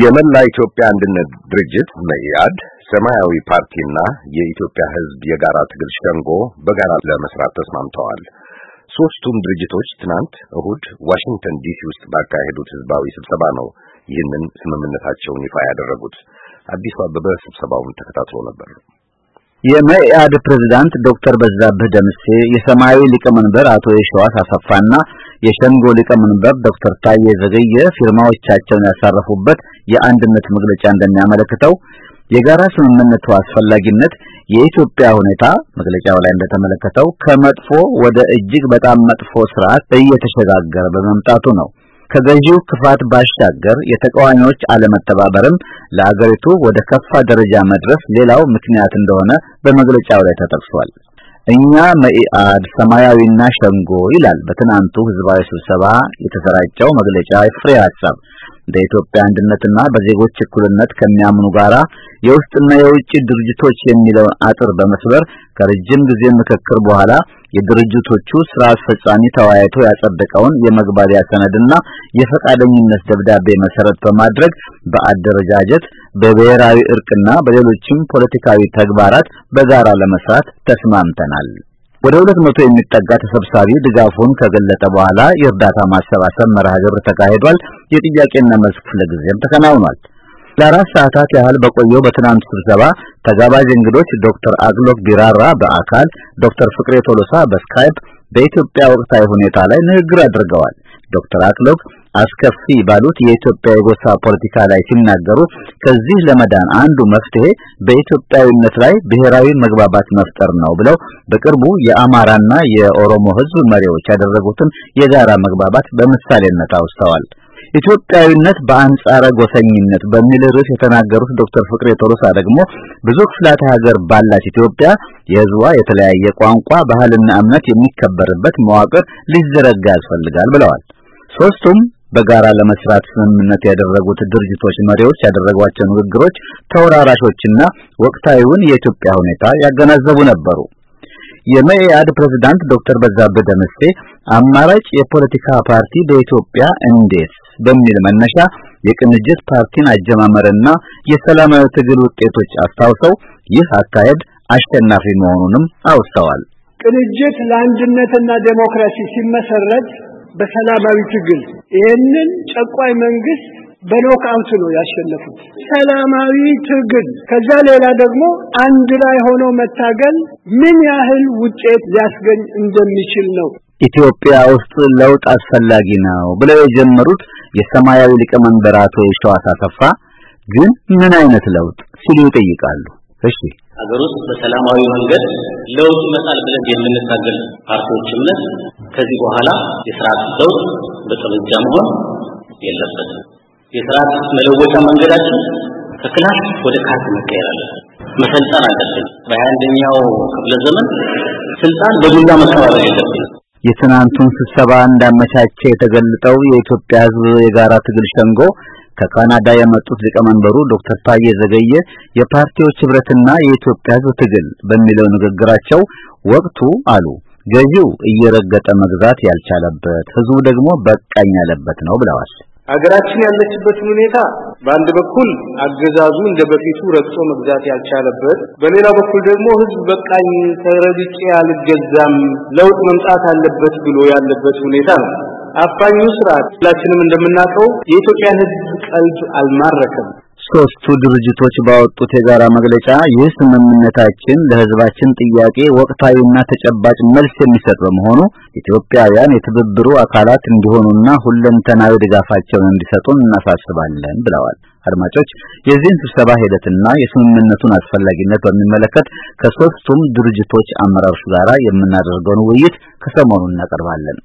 የመላ ኢትዮጵያ አንድነት ድርጅት መኢአድ፣ ሰማያዊ ፓርቲና የኢትዮጵያ ሕዝብ የጋራ ትግል ሸንጎ በጋራ ለመስራት ተስማምተዋል። ሦስቱም ድርጅቶች ትናንት እሁድ ዋሽንግተን ዲሲ ውስጥ ባካሄዱት ህዝባዊ ስብሰባ ነው ይህንን ስምምነታቸውን ይፋ ያደረጉት። አዲሱ አበበ ስብሰባውን ተከታትሎ ነበር። የመኢአድ ፕሬዝዳንት ዶክተር በዛብህ ደምሴ የሰማያዊ ሊቀመንበር አቶ የሸዋስ አሰፋና የሸንጎ ሊቀመንበር ዶክተር ታዬ ዘገየ ፊርማዎቻቸውን ያሳረፉበት የአንድነት መግለጫ እንደሚያመለክተው የጋራ ስምምነቱ አስፈላጊነት የኢትዮጵያ ሁኔታ መግለጫው ላይ እንደተመለከተው ከመጥፎ ወደ እጅግ በጣም መጥፎ ስርዓት እየተሸጋገረ በመምጣቱ ነው። ከገዢው ክፋት ባሻገር የተቃዋሚዎች አለመተባበርም ለአገሪቱ ወደ ከፋ ደረጃ መድረስ ሌላው ምክንያት እንደሆነ በመግለጫው ላይ ተጠቅሷል። እኛ መኢአድ፣ ሰማያዊና ሸንጎ ይላል በትናንቱ ህዝባዊ ስብሰባ የተሰራጨው መግለጫ ፍሬ ሀሳብ። በኢትዮጵያ አንድነትና በዜጎች እኩልነት ከሚያምኑ ጋራ የውስጥና የውጭ ድርጅቶች የሚለውን አጥር በመስበር ከረጅም ጊዜ ምክክር በኋላ የድርጅቶቹ ስራ አስፈጻሚ ተወያይቶ ያጸደቀውን የመግባቢያ ሰነድና የፈቃደኝነት ደብዳቤ መሰረት በማድረግ በአደረጃጀት በብሔራዊ እርቅና በሌሎችም ፖለቲካዊ ተግባራት በጋራ ለመስራት ተስማምተናል። ወደ ሁለት መቶ የሚጠጋ ተሰብሳቢ ድጋፉን ከገለጠ በኋላ የእርዳታ ማሰባሰብ መርሃ ግብር ተካሂዷል። የጥያቄና መልስ ክፍለ ጊዜም ተከናውኗል። ለአራት ሰዓታት ያህል በቆየው በትናንት ስብሰባ ተጋባዥ እንግዶች ዶክተር አግሎክ ቢራራ በአካል ዶክተር ፍቅሬ ቶሎሳ በስካይፕ በኢትዮጵያ ወቅታዊ ሁኔታ ላይ ንግግር አድርገዋል። ዶክተር አክሎክ አስከፊ ባሉት የኢትዮጵያ የጎሳ ፖለቲካ ላይ ሲናገሩ ከዚህ ለመዳን አንዱ መፍትሄ በኢትዮጵያዊነት ላይ ብሔራዊ መግባባት መፍጠር ነው ብለው በቅርቡ የአማራና የኦሮሞ ሕዝብ መሪዎች ያደረጉትን የጋራ መግባባት በምሳሌነት አውስተዋል። ኢትዮጵያዊነት በአንጻረ ጎሰኝነት በሚል ርዕስ የተናገሩት ዶክተር ፍቅሬ ቶሎሳ ደግሞ ብዙ ክፍላተ ሀገር ባላት ኢትዮጵያ የህዝቧ የተለያየ ቋንቋ፣ ባህልና እምነት የሚከበርበት መዋቅር ሊዘረጋ ያስፈልጋል ብለዋል። ሶስቱም በጋራ ለመስራት ስምምነት ያደረጉት ድርጅቶች መሪዎች ያደረጓቸው ንግግሮች ተወራራሾችና ወቅታዊውን የኢትዮጵያ ሁኔታ ያገናዘቡ ነበሩ። የመኢአድ ፕሬዝዳንት ዶክተር በዛብህ ደምሴ አማራጭ የፖለቲካ ፓርቲ በኢትዮጵያ እንዴት በሚል መነሻ የቅንጅት ፓርቲን አጀማመርና የሰላማዊ ትግል ውጤቶች አስታውሰው ይህ አካሄድ አሸናፊ መሆኑንም አውስተዋል። ቅንጅት ለአንድነትና ዴሞክራሲ ሲመሰረት በሰላማዊ ትግል ይህንን ጨቋይ መንግስት በኖክአውት ነው ያሸነፉት። ሰላማዊ ትግል። ከዛ ሌላ ደግሞ አንድ ላይ ሆኖ መታገል ምን ያህል ውጤት ሊያስገኝ እንደሚችል ነው። ኢትዮጵያ ውስጥ ለውጥ አስፈላጊ ነው ብለው የጀመሩት የሰማያዊ ሊቀመንበር አቶ የሸዋስ አሰፋ ግን ምን አይነት ለውጥ ሲሉ ይጠይቃሉ። እሺ ሀገር ውስጥ በሰላማዊ መንገድ ለውጥ ይመጣል ብለን የምንታገል ፓርቲዎች እምነት ከዚህ በኋላ የስርዓት ለውጥ በጠመንጃ መሆን የለበትም። የስርዓት መለወጫ መንገዳችን ከክላስ ወደ ካርት መቀየር አለበት። መሰልጠን አለብን። በሀያ አንደኛው ክፍለ ዘመን ስልጣን በዱላ መከባበር የለብን። የትናንቱን ስብሰባ እንዳመቻቸ የተገለጠው የኢትዮጵያ ሕዝብ የጋራ ትግል ሸንጎ ከካናዳ የመጡት ሊቀመንበሩ ዶክተር ታዬ ዘገየ የፓርቲዎች ህብረትና የኢትዮጵያ ህዝብ ትግል በሚለው ንግግራቸው ወቅቱ አሉ ገዢው እየረገጠ መግዛት ያልቻለበት ህዝቡ ደግሞ በቃኝ ያለበት ነው ብለዋል። ሀገራችን ያለችበትን ሁኔታ በአንድ በኩል አገዛዙ እንደ በፊቱ ረግጦ መግዛት ያልቻለበት፣ በሌላ በኩል ደግሞ ህዝብ በቃኝ ተረግጬ አልገዛም ለውጥ መምጣት አለበት ብሎ ያለበት ሁኔታ ነው። አፋኙ ስርዓት ሁላችንም እንደምናውቀው የኢትዮጵያን ህዝብ ቀልብ አልማረከም። ሶስቱ ድርጅቶች ባወጡት የጋራ መግለጫ ይህ ስምምነታችን ለህዝባችን ጥያቄ ወቅታዊና ተጨባጭ መልስ የሚሰጥ በመሆኑ ኢትዮጵያውያን የትብብሩ አካላት እንዲሆኑና ሁለንተናዊ ድጋፋቸውን እንዲሰጡን እናሳስባለን ብለዋል። አድማጮች የዚህን ስብሰባ ሂደትና የስምምነቱን አስፈላጊነት በሚመለከት ከሶስቱም ድርጅቶች አመራሮች ጋር የምናደርገውን ውይይት ከሰሞኑ እናቀርባለን።